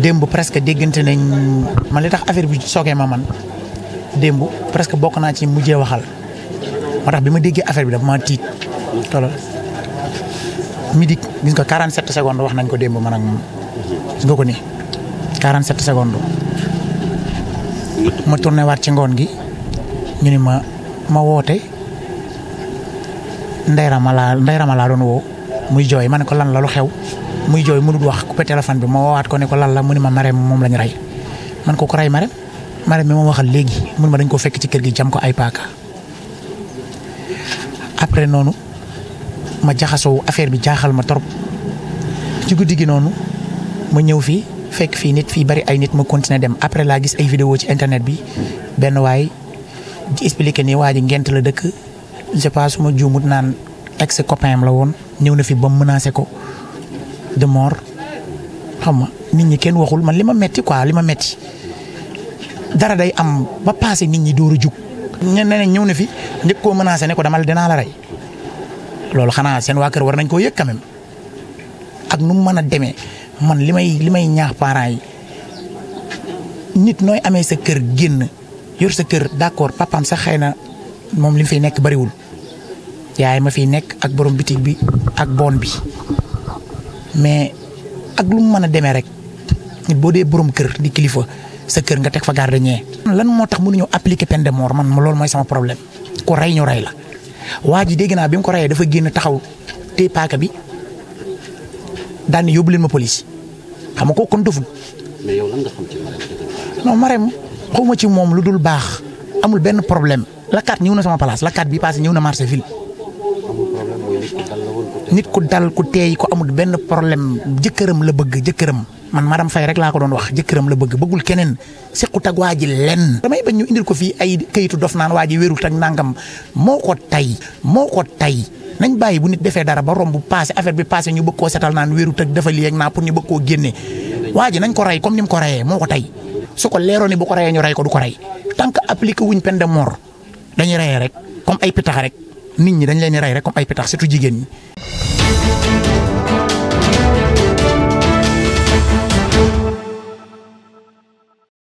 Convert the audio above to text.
dembu presque déggante nañ man li tax affaire bi soké ma man dembu presque bok na ci mujjé waxal motax bima déggé affaire bi dafa ma tit tolo midi gis nga 47 secondes wax nañ ko dembu man ak moom gis nga ko ni 47 secondes ma tourné wat ci ngone gi ñu ni ma ma woté ndeyra ma laa ndeyra ma laa doon woo muy joy man ko lan la lu xew muy joy mënul wax coupé téléphone bi ma waat ko ne ko lan la mu ne ma Mare moom lañ ray man ko ko ray marem marem mi ma waxal léegi mun ma dañ ko fekk ci kër gi jam ko ay paaka après nonu, ma jaxaso affaire bi jaaxal ma torop ci guddi gi nonu ma ñëw fi fekk fi nit fi bari ay nit ma continuer dem après la gis ay vidéo ci internet bi ben way di expliquer ni waji ngent la dëkk je sais pas su ma naan ex copain la won ñëw na fi ba menacer ko de mort xam nga nit ñi kenn waxul man li ma metti quoi li ma metti dara day am ba passé nit ñi door a jug. ñenn ñëw na fi njëkk koo menacé ne ko damal dinaa la rey loolu xanaa seen waa kër war nañ koo yëg quand ak nu mu mën a demee man li may li may ñaax parent yi nit nooy amee sa kër génn yor sa kër d'accord papaam sax xëy na moom li fi nekk bariwul yaay ma fi nekk ak borom bitig bi ak boon bi. mais ak lu mu démé a rek nit boo borom kër di kilifa sa kër nga tek fa garde ñé lan mo tax ñu appliquer peine de mort man lool moy sama problème ko ray ñu ray la waji dégg na bimu ko rayé dafa génn taxaw té paaka bi daan ni yóbbu ma police xam ko kon dofu mais yow lan nga xam ci non Marème xawma ci mom lu dul baax amul ben problème la carte ñëw na sama place la carte bi passé ñëw na marché ville nit ku dal ku teey ko amul benn problème jëkkëram la bëgg jëkkëram man madame fay rek laa ko doon wax jëkkëram la bëgg bëggul keneen sequt ak waa ji lenn. damay bañ ñu indil ko fii ay kayitu dof naan waa ji wérut ak nangam moo ko tay moo ko tay nañ bàyyi bu nit defee dara ba romb passé affaire bi passé ñu bëgg setal naan wérut ak dafa lii ak naa pour ñu bëgg koo génne waa ji nañ ko rey comme ni ko reyee moo ko tay su ko leeroon ni bu ko reyee ñu rey ko du ko rey tant que appliqué wuñ peine de mort dañuy reyee rek comme ay pitax rek. nit ñi dañ leen di rey rek comme ay petax surtout jigéen ñi.